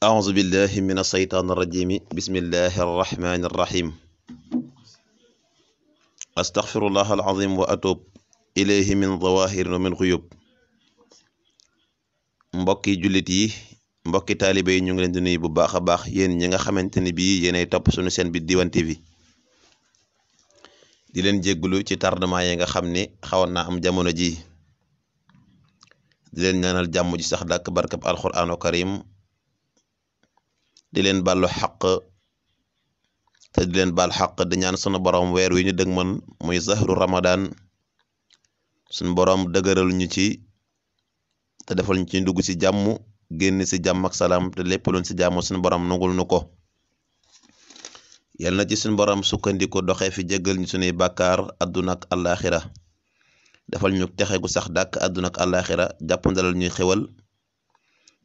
auzu billahi min asheytaan irrajimi bismillahi arrahmani irrahim astaxfirullah alazim wa atub ilayhi min zawahir wa min xuyub mbokki jullit yi mbokki taalibe yi ñu ngi leen di nuyu bu baax a baax yéen ñi nga xamante ni bii yéenay topp suñu seen bi Diwane TV di leen jégglu ci tardement yi nga xam ni xawoon naa am jamono ji di leen ñaanal jàmm ji sax dàkk barkab alquranu karim di leen baalu xaq te di leen baal xaq di ñaan sunu borom weer wi ñu dëg man muy zahru ramadan sunu borom dëgëral ñu ci te defal ñu ci dugg ci jàmm génn ci jàmm ak salaam te lépp luñ ci jàmm sunu borom nungul nu ko yal na ci sunu borom sukkandiku doxee fi jéggal ñu sunuy bàkkaar adduna ak àllaaxira defal ñu texe gu sax dàkk adduna ak àllaaxira jàppandalal ñuy xewal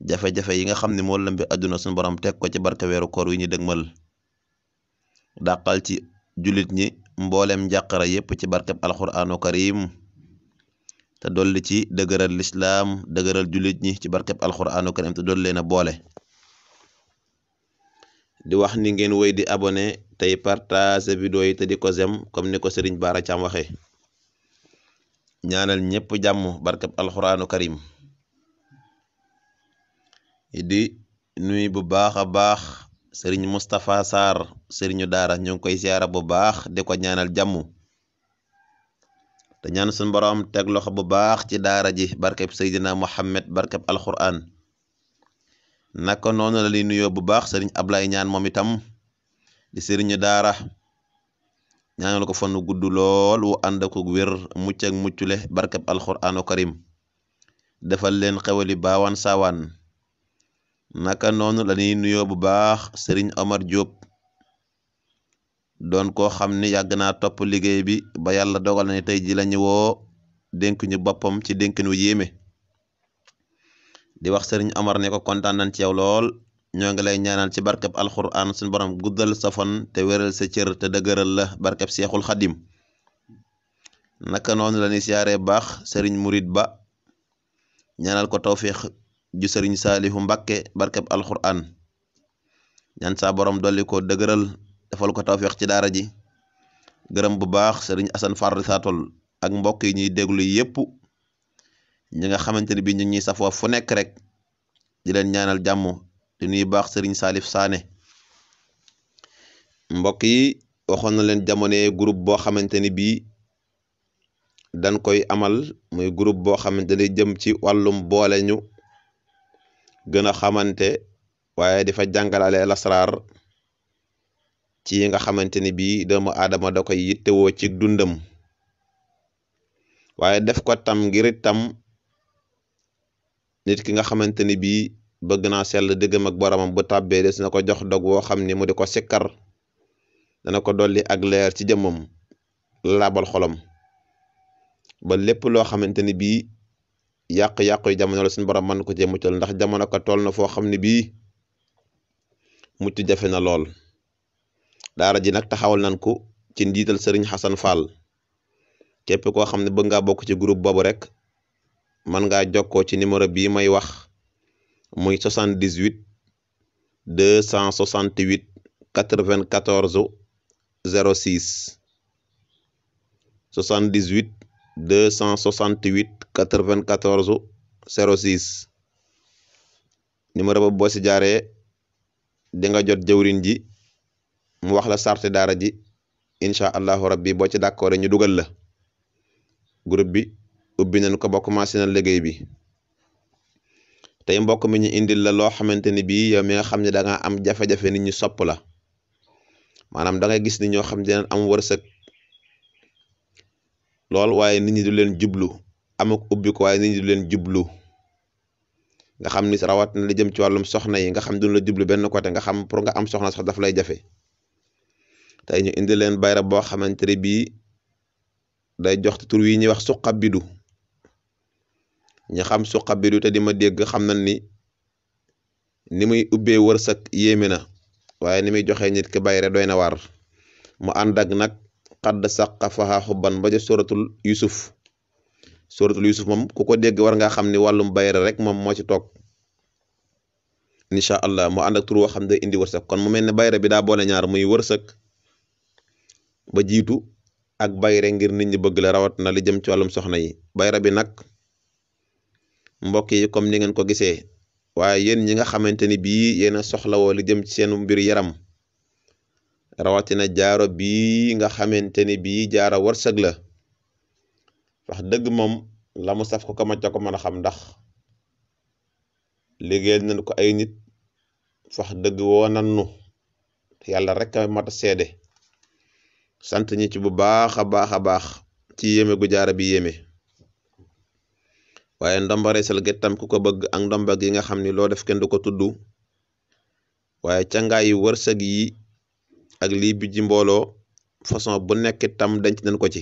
jafe-jafe yi nga xam ne moo lëmbi àdduna suñu borom teg ko ci barke weeru koor wi ñu dëgmal dàqal ci jullit ñi mboolem njàqara yépp ci barkeb alxuraanu karim te dolli ci dëgëral lislaam dëgëral jullit ñi ci barkeb alxuraanu karim te dolli leen a boole di wax ni ngeen wéy di abonné tey partage vidéo yi te di ko zem comme ni ko Sëriñ Baara Caam waxe ñaanal ñépp jàmm barkeb alxuraanu karim di nuy bu baax a baax sëriñ Moustapha Sarr sëriñu daara ñu ngi koy siyaara bu baax di ko ñaanal jàmm te ñaan suñu borom teg loxo bu baax ci daara ji barkeb Seydina Mohamed barkeb alquran naka noonu la li nuyoo bu baax sëriñ Ablaye ñaan moom itam di sëriñu daara ñaanal ko fanu gudd lool wu ànd ak wér mucc ak muccule barkeb alquranu karim defal leen xewali baawaan saawaan naka noonu la ñuy nuyoo bu baax Serigne Omar Diop doon koo xam ni yàgg topp liggéey bi ba yàlla dogal na ne tey ji lañu woo dénk ñu boppam ci dénk nu yéeme di wax Serigne Omar ne ko kontaan nañ ci lool ñoo ngi lay ñaanal ci barkeb alxuraan suñu borom guddal sa fan te wéral sa cër te dëgëral la barkeb seexul xadim naka noonu la siyaree siyaaree baax Serigne Murid Ba ñaanal ko tawféex ju sëriñ saalihu mbàkke barkeb alxuraan ñaan saa borom dolli ko dëgëral defal ko tawfeex ci daara ji gërëm bu baax sëriñ asan far saatol ak mbokk yi ñuy déglu yépp ñi nga xamante ne bi ñu ñuy safoo fu nekk rek di leen ñaanal jàmm di nuy baax sëriñ saalif saane mbokk yi waxoon na leen jamono groupe boo xamante ni bii dañ koy amal muy groupe boo xamante ni jëm ci wàllum boole ñu gën a xamante waaye di fa jàngalale lasraar ci yi nga xamante ni bii doomu aadama da koy yittewoo ci dundam waaye def ko tam ngir tam nit ki nga xamante ni bii bëgg naa sell diggam ak boromam bu tàbbee des na ko jox dog woo xam ni mu di ko sikkar dana ko dolli ak leer ci jëmmam laabal xolam ba lépp yàq-yàq yu jamono la suñu borom mën ko cee muccal ndax jamono ko tool na foo xam ne bii mucc jafe na lool daara ji nag taxawal nañ ko ci njiital sëriñ Xasan Fall képp koo xam ne bëgg ngaa bokk ci groupe boobu rek mën ngaa jokkoo ci numéro bii may wax muy 78 268 94 06 78 deux cent soixante huit quatre vingt quatorze zéro six numéro boobu boo si jaaree di jot jëwrin ji mu wax la sarte daara ji incha allahu rabbi boo ci d'accord ñu dugal la groupe bi ubbi nañ ko ba commencé na liggéey bi tey mbokk mi ñu indil la loo xamante ni bii yow mi nga xam ne da am jafe-jafe nit ñu sopp la maanaam da nga gis ni ñoo xam ne dinañ am wërsëg lool waaye nit ñi du leen jublu amuk ubbi ko waaye nit ñi du leen jublu nga xam ni rawat na li jëm ci wàllum soxna yi nga xam duñ la jublu benn côté nga xam pour nga am soxna sax daf lay jafe tey ñu indi leen bayra boo xamante ne bii day jox tur wi ñuy wax suqabidu ñu xam suqabidu te di ma dégg xam na ni ni muy ubbee wërsëg yéeme na waaye ni muy joxee nit ki bayre doy na war mu ànd ak nag xadd saqafaha xubban ba ja suratul yusuf suratul yusuf moom ku ko dégg war ngaa xam ni wàllum bayre rek moom moo ci toog incha allah mu ànd ak tur woo xam ne indi wërsëg kon mu mel ne bayre bi daa boole ñaar muy wërsëg ba jiitu ak bayre ngir nit ñi bëgg la rawat na li jëm ci wàllum soxna yi bayre bi nag mbokk yi comme ni ngeen ko gisee waaye yéen ñi nga xamante ni bii yéen a soxlawoo li jëm ci seenu mbir yaram rawatina jaaro bii nga xamante ni bii jaaro wërsëg la wax dëgg moom lamu saf ko ko macca ko mën a xam ndax liggéeyal nañ ko ay nit wax dëgg woo nan nu yàlla rek a mat seede sant ñi ci bu baax a baax a baax ci yéeme gu jaara bi yéeme waaye ndomba reesal gettam ku ko bëgg ak ndomba gi nga xam ni loo def kenn du ko tudd waaye cangaay yi ak lii bi ji mbooloo façon bu nekk tam denc nañ ko ci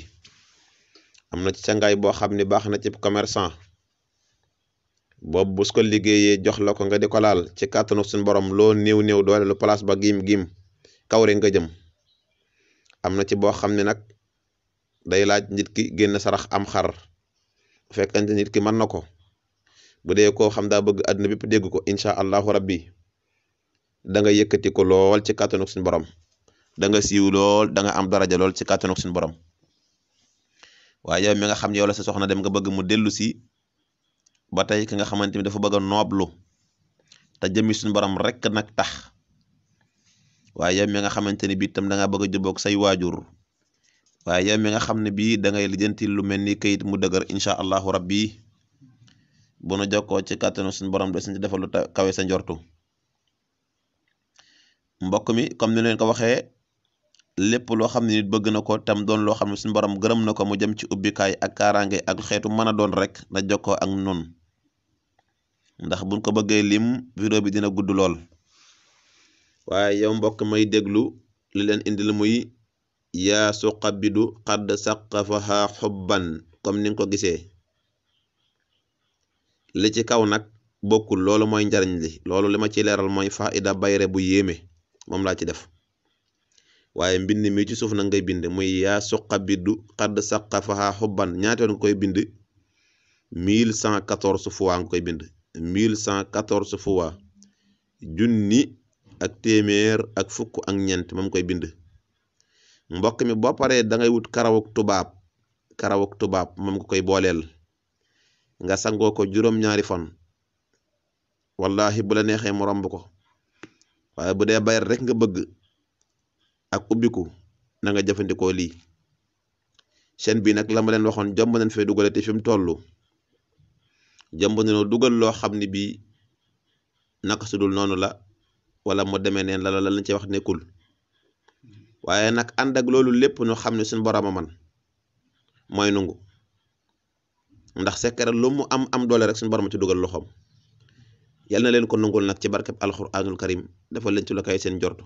am na ci cangaay boo xam ni baax na ci commerçant boobu bu su ko liggéeyee jox la ko nga di ko laal ci kàttanu suñu borom loo néew néew doole lu place ba giim giim kawre nga jëm am na ci boo xam ne nag day laaj nit ki génn sarax am xar bu fekkante nit ki mën na ko bu dee koo xam daa bëgg àdduna bépp dégg ko incha allahu rabbi da nga yëkkati ko lool ci kàttanu suñu borom. da nga siiw lool danga nga am daraja lool ci kàttanug suñu borom waaye yow mi nga xam yow sa soxna dem nga bëgg mu dellu si ba tey ki nga xamante ni dafa bëgg a nooblu te jëmi suñu borom rekk nag tax waaye yow mi nga xamante ni bii tam da ngaa bëgg a say waajur waaye mi nga xam ne bii da ngay lijjanti lu mel ni kayit mu dëgër incha allahu rabbi bu nu jokkoo ci kàttanu suñu borom de suñu kawee sa njortu mbokk mi comme ni leen ko waxee. lépp loo xam ne bëgg na ko tam doon loo xam ne suñu borom gërëm na ko mu jëm ci ubbikaay ak kaaraange ak xeetu mën a doon rek na jox ko ak nun ndax buñ ko bëggee lim vidéo bi dina gudd lool waaye yow mbokk may déglu li leen indil muy yaa suqabidu xadd saqafaha xubban comme ni nga ko gisee li ci kaw nag bokkul loolu mooy njariñ li loolu li ma ci leeral mooy faida bayre bu yéeme moom laa ci def waaye mbind mi ci suuf na ngay bind muy yaa suqa biddu xadd saqa faxaa xubban ñaata nga koy bind 1114 fois nga koy bind 1114 fois junni ak téeméer ak fukk ak ñeent moom koy bind mbokk mi boo paree da ngay wut karawuk tubaab karawuk tubaab moom nga koy booleel nga sangoo ko juróom-ñaari fan wallahi bu la neexee moromb ko waaye bu dee bayat rek nga bëgg ak ubbiku nanga jëfandikoo lii chaîne bi nag la leen waxoon jomb nañ fee dugalati fi mu toll jomb nañoo dugal loo xam ne bii naka su noonu la wala moo demee neen la la lañ ci wax nekkul waaye nag ànd ak loolu lépp ñu xam ne seen borom a man mooy nungu ndax secret lu mu am am doole rek suñu borom ci dugal loxoom yal na leen ko nungul nag ci barkeb alxuraanul karim dafa leen ci la kay seen jortu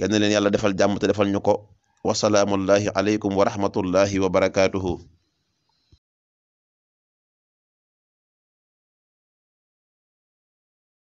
yal na leen yàlla defal jàmm te defal ñu ko wasalaamullahi aleykum wa rahmatullahi wa barakaatuhu